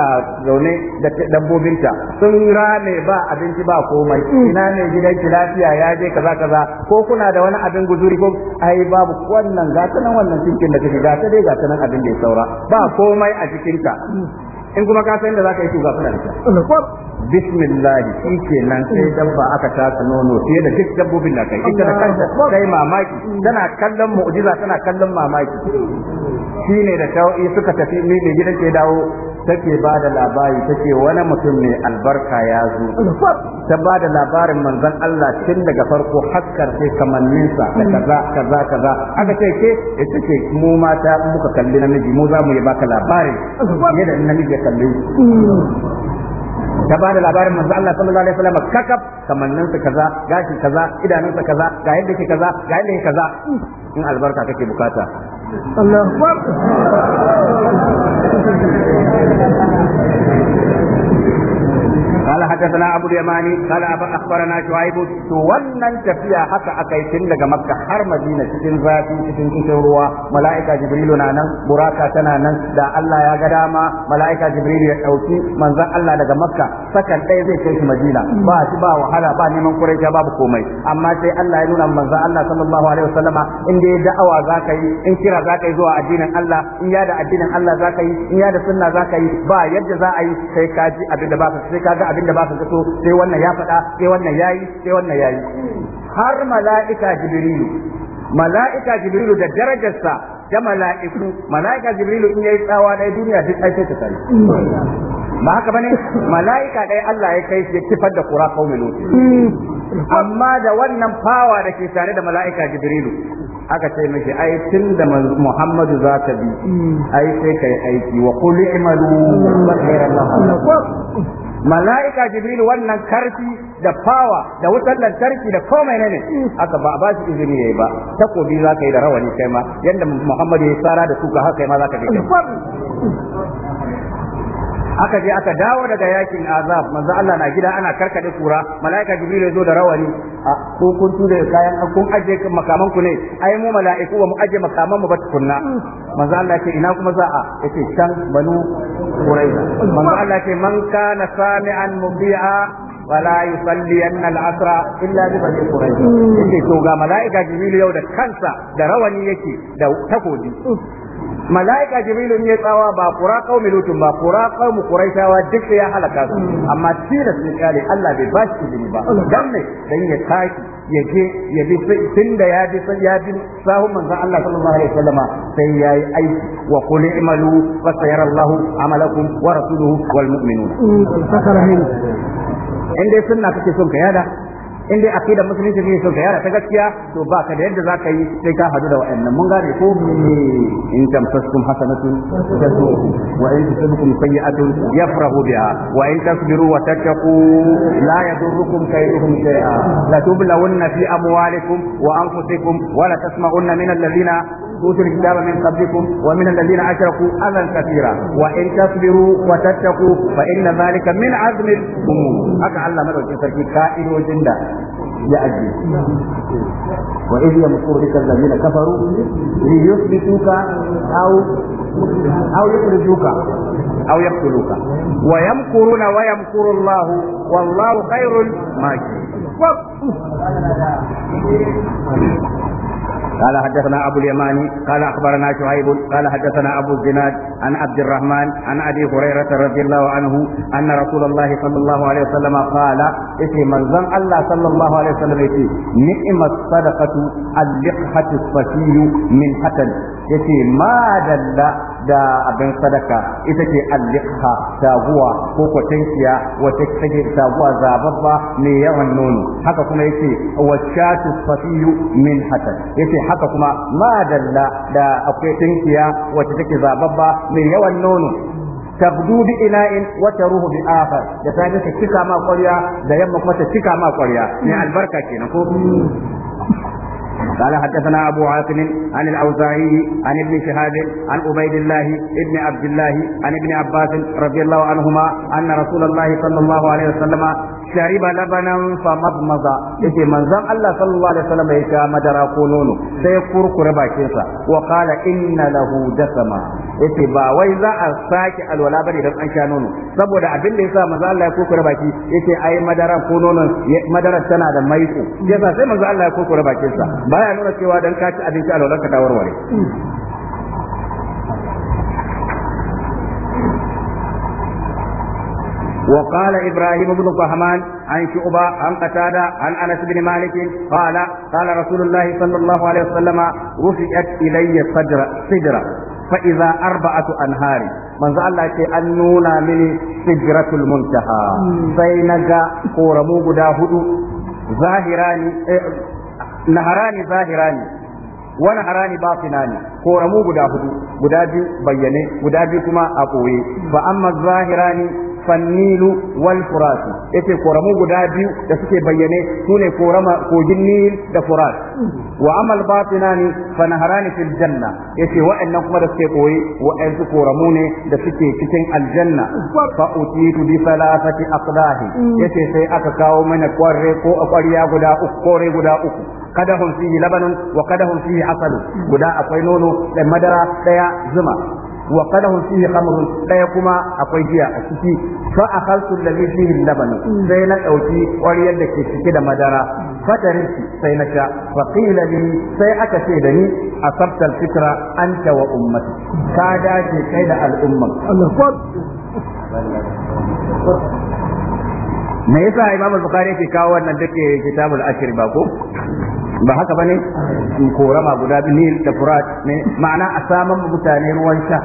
zaune da dabbobinta sun rame ba abinci ba komai ina ne gidanki lafiya ya je kaza kaza ko kuna da wani abin guzuri ko ai babu wannan gata nan wannan cikin da kake ta dai ga nan abin da ya saura ba komai a cikinta in kuma ka san inda zaka yi to ga da da bismillah shi ke nan sai dabba aka taka nono fiye da duk dabbobin da kai ita da kanta kai mamaki tana kallon mu'jiza tana kallon mamaki shine da tau'i suka tafi mai gidan ke dawo take ba da labari take wani mutum mai albarka ya zo ta ba da labarin manzon Allah tun daga farko haskar sai kamanninsa da kaza kaza kaza aka ce ke ita ce mu mata muka kalli namiji mu za mu yi baka labari fiye da namiji ya kalli ta da labarin manzo Allah sallallahu alaihi wasallam kakab kamannin sa kaza gashi kaza idanun sa kaza ga yadda yake kaza ga yadda yake kaza in albarka kake bukata Allahu akbar قال حدثنا ابو اليماني قال اخبرنا شعيب تو wannan tafiya haka aka yi tun daga maka? har madina cikin zafi cikin cikin ruwa malaika jibrilu na nan buraka tana nan da Allah ya ga dama malaika jibrilu ya ɗauki manzon Allah daga maka. makka sakan ɗaya zai kai shi madina ba shi ba wahala ba neman kuraita babu komai amma sai Allah ya nuna manzo Allah sallallahu alaihi wasallama in dai da'awa zaka yi in kira zaka yi zuwa addinin Allah in ya da addinin Allah zaka yi in ya da sunna zaka yi ba yadda za a yi sai ka ji abin da baka sai ka ga abin da baka so sai wannan ya faɗa sai wannan yayi sai wannan yayi har mala'ika jibrilu mala'ika jibrilu da darajarsa da mala'iku mala'ika jibrilu in yayi tsawa dai duniya duk ai sai ta sani ba haka bane mala'ika dai Allah ya kai shi ya kifar da kura kaumin hmm. amma da wannan fawa da ke tare da mala'ika jibrilu aka ce mishi ai tun da Muhammadu za ta bi hmm. ai sai kai aiki wa qul i'malu hmm. mala'ika Jibrilu wannan karfi da fawa da wutar lantarki da komai ne aka ba ba shi izini yayi ba takobi za ka yi da rawani kai ma yanda Muhammadu ya tsara da suka haka kai ma za ka yi. aka je aka dawo daga yakin azab manzo Allah na gida ana karkade kura malaika jibril zo da rawani ko kun tude kayan kun aje makaman ku ne ai mu malaiku ba mu aje makaman mu ba tukunna manzo Allah ce ina kuma za a yace can banu quraiza manzo Allah ce man kana sami'an mubi'a wala yusalliyanna al asra illa bi bani quraiza yace to ga malaika jibril yau da kansa da rawani yake da takodi. mala'ika jibrilu ya tsawa ba qura qaumi lutun ba qura qaumi quraishawa duk ya halaka su amma tilas sun kale Allah bai ba shi izini ba dan ne dan ya taki ya je ya bi tunda ya bi ya bi sahun manzon Allah sallallahu alaihi wasallama sai yayi aiki wa qul i'malu wa sayarallahu amalakum wa rasuluhu wal mu'minun mm, in dai sunna kake son ka yada in dai aqidar musulunci ne so ka yara ta gaskiya to ba ka da yadda za ka yi sai ka hadu da wa'annan mun gane ko in tamsaskum hasanatun tasu'ukum wa in tusibkum sayyi'atun yafrahu biha wa in tasbiru wa tattaqu la yadurrukum kayduhum shay'a la tublawunna fi amwalikum wa anfusikum wa la tasma'unna min alladhina أوتوا الكتاب من قبلكم ومن الذين أشركوا أذى كثيرا وإن تصبروا وتتقوا فإن ذلك من عزم الأمور أكا الله مدعو تركي كائن وجندا يا أجل وإذ يمكر بك الذين كفروا ليثبتوك أو أو يخرجوك أو يقتلوك ويمكرون ويمكر الله والله خير الماكرين قال حدثنا أبو اليماني قال أخبرنا شعيب قال حدثنا أبو الزناد عن عبد الرحمن عن أبي هريرة رضي الله عنه أن رسول الله صلى الله عليه وسلم قال اسم منزل الله صلى الله عليه وسلم نعم الصدقة اللقحة الصفي من حسن yace ma dalla da abin sadaka ita ce alliqha taguwa ko tankiya wata take taguwa zababba ne yawan nono haka kuma yace shatu fasiyu min hasan yace haka kuma ma dalla da akwai tinkiya wata take zababba ne yawan nono tabdu bi ina'in wa taruhu bi akhar da sai ta cika ma ƙwarya da yamma kuma ta cika ma ƙwarya ne albarka kenan ko قال حدثنا أبو عاصم عن الأوزاعي عن ابن شهاب عن عبيد الله ابن عبد الله عن ابن عباس رضي الله عنهما أن رسول الله صلى الله عليه وسلم shariba labanan fa madmaza yace manzon Allah sallallahu alaihi wasallam ya sha madara ko nono sai kurkure bakin sa wa qala inna lahu dasama yace ba wai za a sake alwala bane dan an sha nono saboda abin da yasa manzon Allah ya kurkure baki yace ai madara ko nono madara tana da maiƙo yasa sai manzon Allah ya kurkure bakin sa baya nuna cewa dan ka ci abinci alwala ka ta warware وقال إبراهيم بن فهمان عن شعبة عن قتادة عن أنس بن مالك قال قال رسول الله صلى الله عليه وسلم رفعت إلي صدر صدرة فإذا أربعة أنهار manzo an nuna mini sidratul muntaha sai naga koramu guda hudu zahirani naharani zahirani wani harani ba fina ne koramu guda hudu guda biyu bayyane guda biyu kuma a koye fa amma fannilu wal furat yace koramu guda biyu da suke bayyane sune korama kogin nil da furat wa amal batinani fa naharani fil janna yace wa'annan kuma da suke koyi wa'ansu koramu ne da suke cikin aljanna fa utitu bi salasati aqdahi yace sai aka kawo mana kwarre ko akwariya guda uku kore guda uku kadahum fihi labanun wa kadahum fihi asalun guda akwai nono da madara daya zuma wa qadahu fihi khamrun daya kuma akwai jiya a ciki fa akhaltu alladhi fihi laban sai na ɗauki ƙwaryar da ke cike da madara fatarinki sai na sha fa qila sai aka ce da ni asabta alfitra anta wa ummati ka dace kai da al'umma me yasa imamu bukhari yake kawo wannan dake kitabul ashir ba ko ba haka bane in korama guda biyu nil da furat ne ma'ana a saman mutane ruwan sha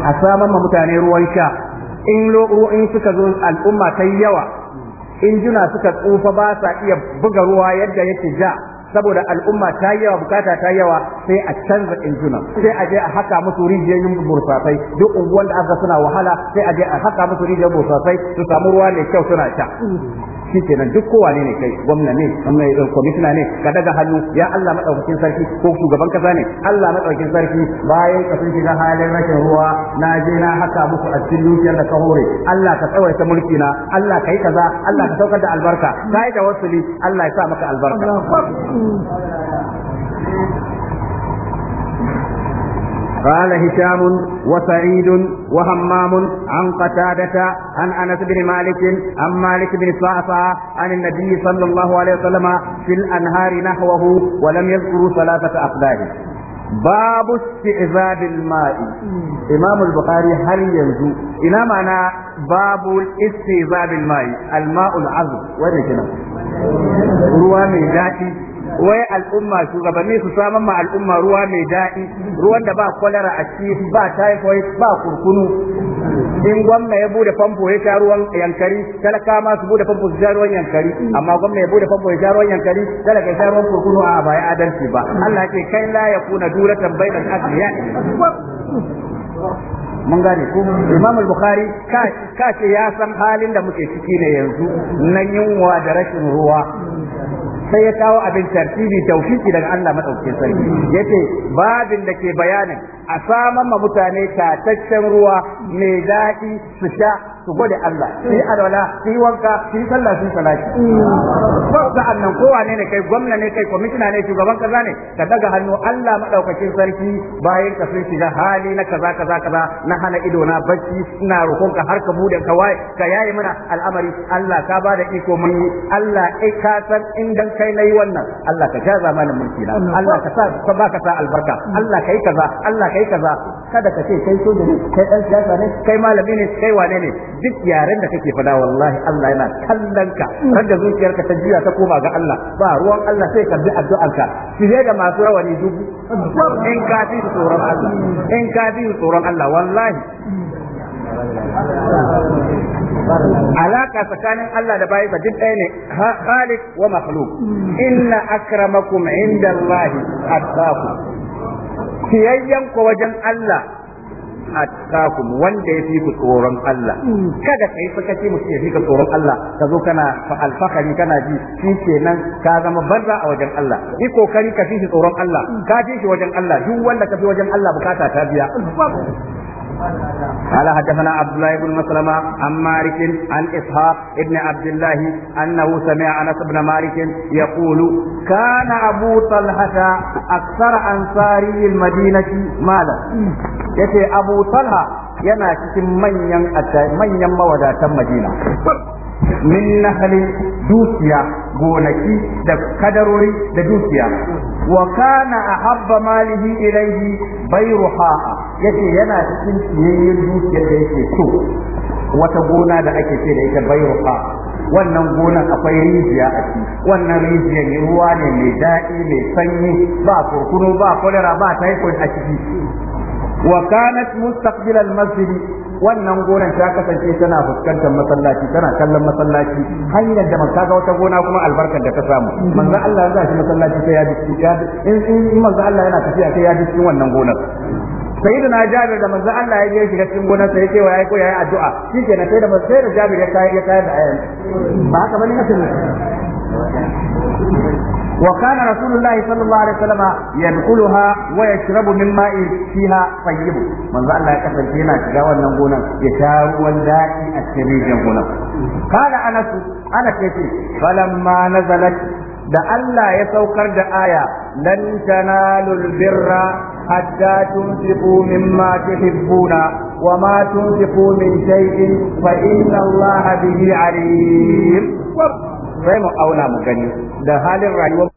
a saman mutane ruwan sha in in suka zo al'umma ta yawa injuna suka tsufa ba sa iya buga ruwa yadda yake ja saboda al'umma ta yi yawa bukata ta yi yawa sai a canza injuna sai a je a haka musu rijiyoyin bursasai duk unguwan da aka suna wahala sai a je a haka musu rijiyoyin bursasai su samu ruwa ne kyau suna sha shikenan duk kowa ne ne kai gwamna ne gwamna eh, kwamishina ne ka daga hannu ya Allah madaukakin sarki ko shugaban kasa ne Allah madaukakin sarki bayan ka sun shiga halin rashin ruwa na je na haka musu a cikin dukiyar da ka hore Allah ka tsawaita mulki na Allah ka yi kaza Allah ka saukar da albarka kai da wasuli Allah ya sa maka albarka قال هشام وسعيد وهمام عن قتادة عن أنس بن مالك عن مالك بن صعصع عن النبي صلى الله عليه وسلم في الأنهار نحوه ولم يذكروا ثلاثة أقدار باب استعذاب الماء إمام البخاري هل ينزو إلى معنى باب استعذاب الماء الماء العذب وين كده روى من wai al'umma shugabanni su saman ma al'umma ruwa mai daɗi ruwan da ba kwalara a ciki ba typhoid ba kurkunu in gwamna ya bude famfo ya sha ruwan yankari talaka ma su bude famfo su sha ruwan yankari amma gwamna ya bude famfo ya sha ruwan yankari talaka ya sha ruwan kurkunu a ba ya adalci ba Allah ce kai la kuna duratan bainal asliya mun gane ko imam al-bukhari ka ce ya san halin da muke ciki ne yanzu na yunwa da rashin ruwa sai ya kawo abin tartibi tawfiki daga Allah madaukakin sarki yace babin da ke bayanin a saman ma mutane tataccen ruwa mai daɗi su sha su gode Allah su yi alwala su yi wanka su yi sallah su salati sa'an kowa ne kai gwamna ne kai kwamishina ne shugaban kaza ne ka daga hannu Allah madaukakin sarki bayan ka sun shiga hali na kaza kaza kaza na hana ido na bacci ina roƙon ka har ka bude ka waye ka yayi mana al'amari Allah ka bada iko mun Allah ai eh, ka san in dan kai nayi wannan Allah ka jaza mana mulki na Allah ka sa ka baka sa albarka Allah kai kaza Allah kai kai kaza kada ka ce kai soja ne kai dan siyasa ne kai malami ne kai wane ne duk yaren da kake fada wallahi Allah yana kallon ka randa zuciyarka ta jiya ta koma ga Allah ba ruwan Allah sai ka bi ka, shirye da masu rawani dubu in ka fi tsoron Allah in ka fi tsoron Allah wallahi alaka tsakanin Allah da bayansa duk ɗaya ne khalid wa makhluq inna akramakum inda Allah atqakum siyayyen ku wajen Allah a takun wanda ya fi ku tsoron Allah kada kai sakaci mutum ya fi ka tsoron Allah ka zo kana alfakari kana ji shi kenan ka zama banza a wajen Allah yi kokari ka fi shi tsoron Allah ka fi shi wajen Allah duk wanda ka fi wajen Allah bukata ta biya قال حدثنا عبد الله بن مسلمة عن مالك عن إسحاق ابن عبد الله أنه سمع أنس بن مالك يقول كان أبو طلحة أكثر أنصاري المدينة مالا يتي أبو طلحة yana cikin manyan manyan mawadatan Madina min nahalin dukiya gonaki da kadarori da dukiya wa kana ahabba malihi ilaihi ha'a yace yana cikin ciyayyar dukiyar da yake so wata gona da ake ce da ita bayruha wannan gonan akwai rijiya a ciki wannan rijiyar ne ruwa ne mai daɗi mai sanyi ba kurkunu ba kolera ba typhoid a ciki wa kanat mustaqbilal masjid wannan gonan ta kasance tana fuskantar masallaci tana kallon masallaci hanyar da maka ga wata gona kuma albarkar da ka samu manzo Allah ya shi masallaci sai ya bi in manzo Allah yana tafiya sai ya bi cikin wannan gonar sayyidina jabir da manzo Allah ya je shiga cikin gonar sai cewa yayi ko yayi addu'a shikenan sai da sai da jabir ya kai ya kai da ayan ba haka bane kasan وكان رسول الله صلى الله عليه وسلم يدخلها ويشرب من ماء فيها طيب من ذا الله يكفل فينا تجاوى النبونا يشاو والذاتي السريج هنا قال أنس أنا كيفي فلما نزلت da Allah ya saukar da aya lan tanalul birra hatta tunfiqu mimma tuhibbuna wa ma tunfiqu min shay'in fa inna Allah bihi alim sai mu auna mu gani da halin rayuwar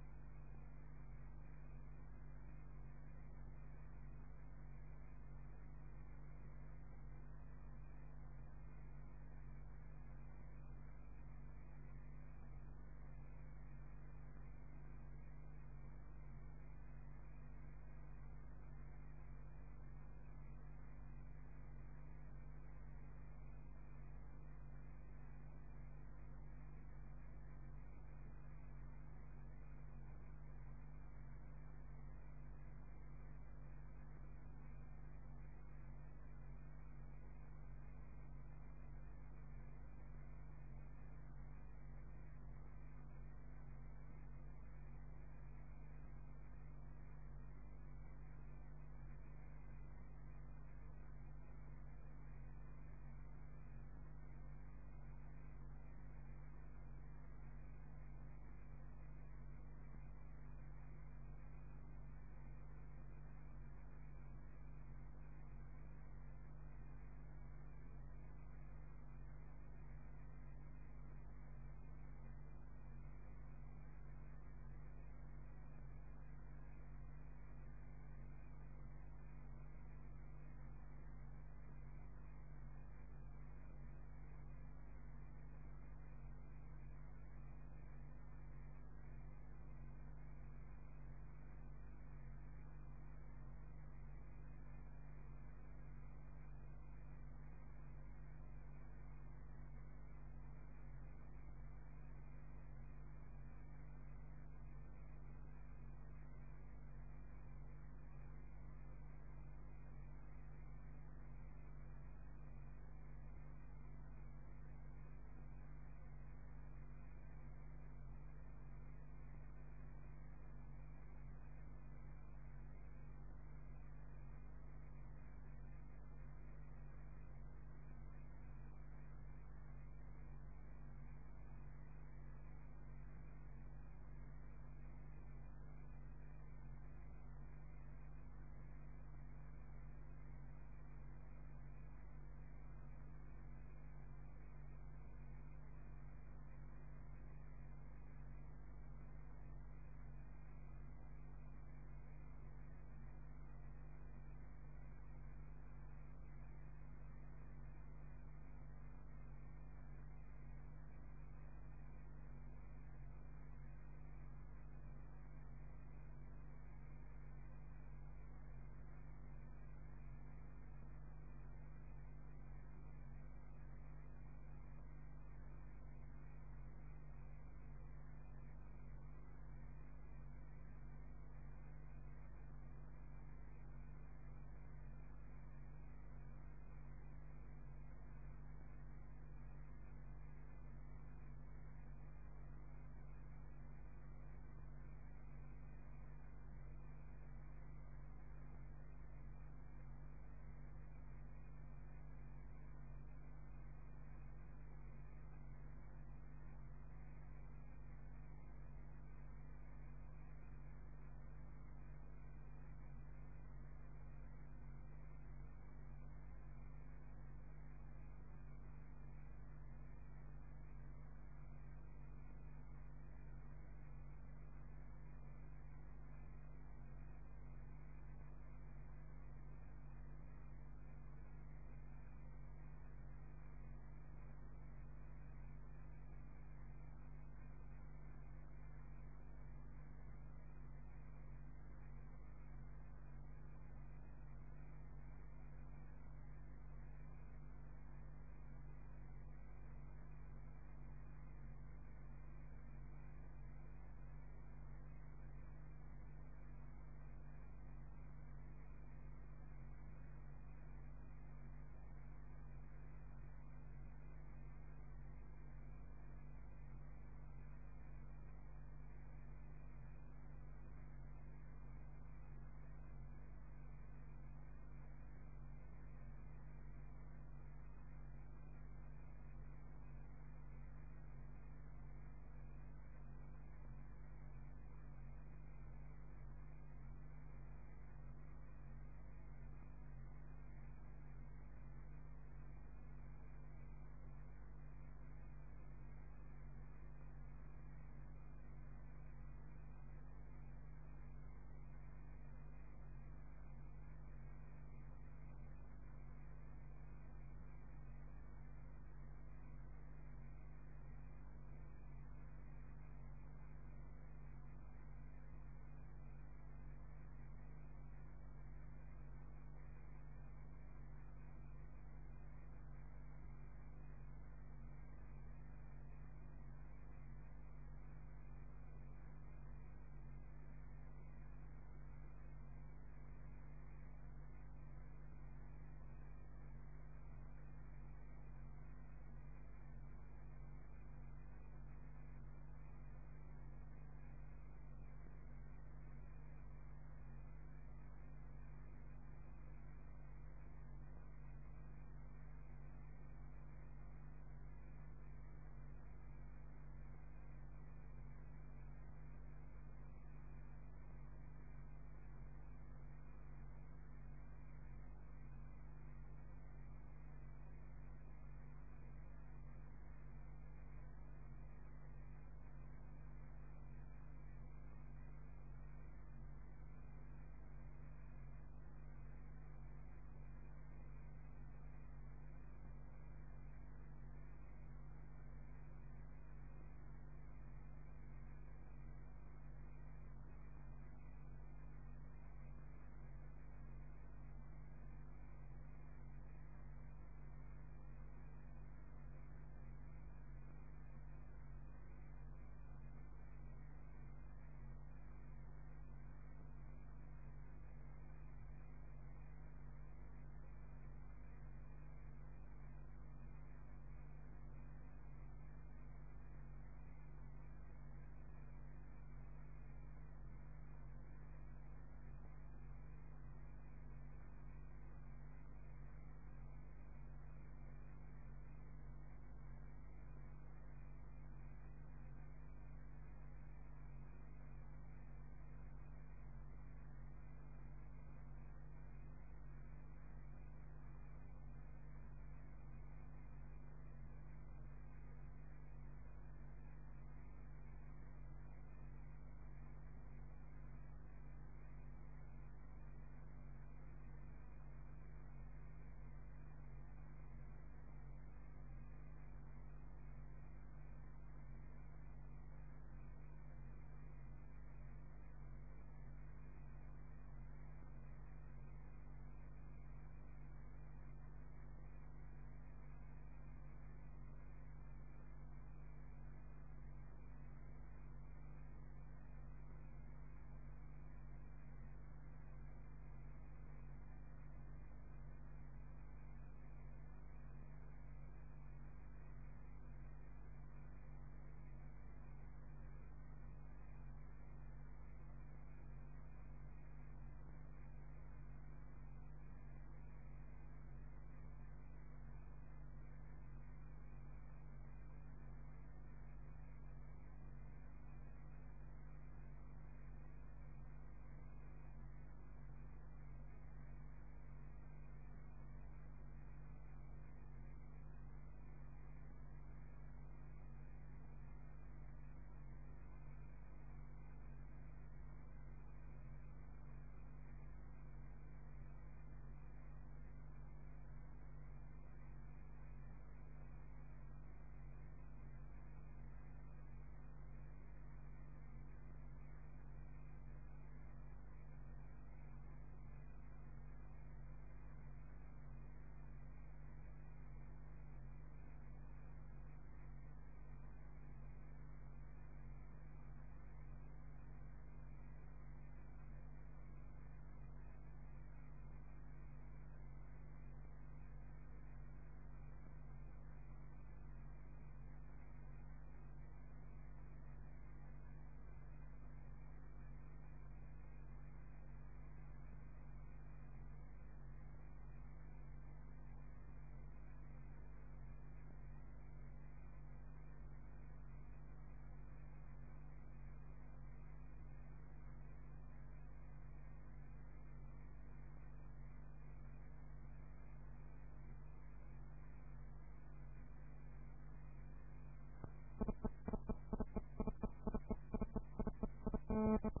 Thank you.